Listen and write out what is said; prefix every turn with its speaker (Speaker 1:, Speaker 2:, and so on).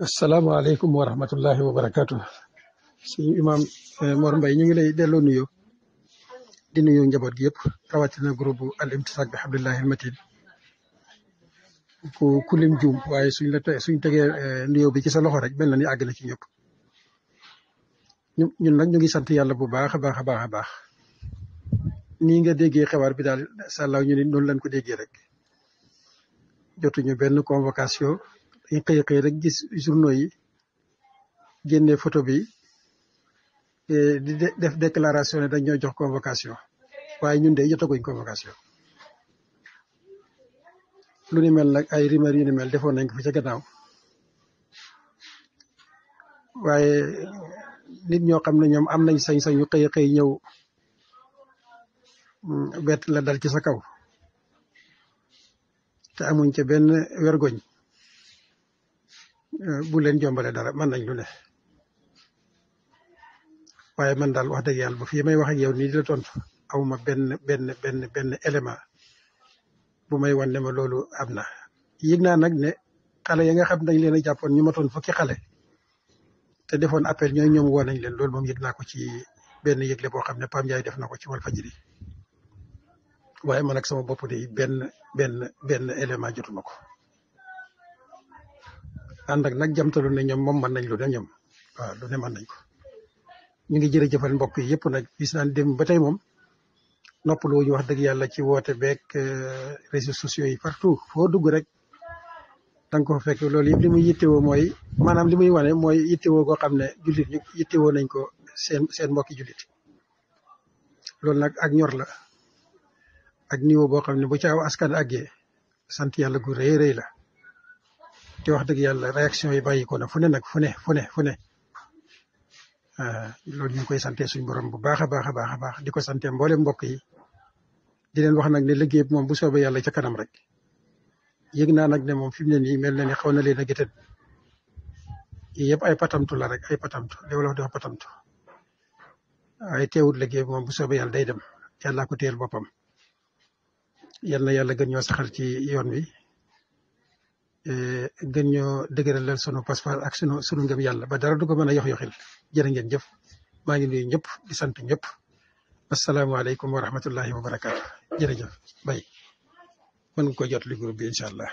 Speaker 1: asalaamaaleykum wa rahmatullahi wa barakaatu. suñu imaam eh, Mor Mbaye ñu ngi lay delloo nuyoo di nuyoo njaboot gi yëpp rawatina groupe al imtisaak bi hamdulillahi al matin ku kulim juum waaye suñ la suñ tegee eh, nuyoo bi ci sa loxo rek mel na ni àgg na ci ñëpp ñun nag ñu ngi sant yàlla bu baax a baax a baax a baax nii nga déggee xabaar bi daal sàllaaw ñu ni noonu lañ ko déggee rek jotuñu benn convocation dañ xëy xëy rek gis journaux yi génne photo bi di def déclaration ne dañ jox convocation waaye ñun de jotaguñ convocation lu ni mel nag ay rumeur yu ni mel defoon nañ ko fi ca waaye nit ñoo xam ne ñoom am nañ sañ-sañu këy xëy ñëw bett mm, la dal ci sa kaw te amuñ ca benn wergoñ Euh, bu leen jombale dara man nañ lu ne waaye man daal wax dëgg yàlla ba fii may wax ak yow nii di la tontu awma benn benn benn benn élément bu may wan ne ma loolu ab na yëg naa nag ne xale ya nga xam dañ leen a jàppoon ñu matoon fukki xale te defoon appel ñooy ñoom woo nañ leen lool moom yëg naa ko ci benn yëgle boo xam ne Pam Ndiaye def na ko ci Walfadjri waaye man ak sama bopp de benn ben benn élément jotuma ko ànd ak nag jamtalu ne ñoom moom man nañ lu ne ñoom waaw lu ne mën nañ ko ñu ngi jër jëfal mbokk yi yëpp nag gis naan dem ba tey moom noppalu ñu wax dëgg yàlla ci woote beeg euh, réseaux sociaux yi partout foo dugg rek da nga ko fekk loolu yëpp li muy yittewoo mooy maanaam li muy wane mooy yittewoo goo xam ne jullit ñu yittewoo nañ ko seen seen mbokki jullit loolu nag ak ñor la ak niveau boo xam ne bu ci aw askan àggee sant yàlla gu rëy rëy la te wax dëgg yàlla réaction yi bàyyi ko na fu ne nag fu ne fu ne ah, ñu koy sante suñ borom bu baax a baax a baax a baax di ko sante mboolem mbokk yi di leen wax nag ne liggéey moom bu soobee yàlla ca kanam rek yëg naa nag ne moom fi mu ne nii mel na ni xaw na leen a gëtën yii yëpp ay patamtu la rek ay patamtu li wolof di patamtu waaye teewut liggéey bi moom bu soobee yàlla day dem yàllaa ko téyel boppam yal yàlla gën ñoo saxal ci yoon wi E, gën ñoo dëgëralal sunu pas-pas ak sunu sunu ngëm yàlla ba dara du ko mën a yox-yoxil jërë ngeen jëf maa ngi nuyu ñëpp di sant ñëpp asalaamaaleykum wa rahmatullahi wa barakaatu jërëjëf bay mën nga ko jot li groupe bi allah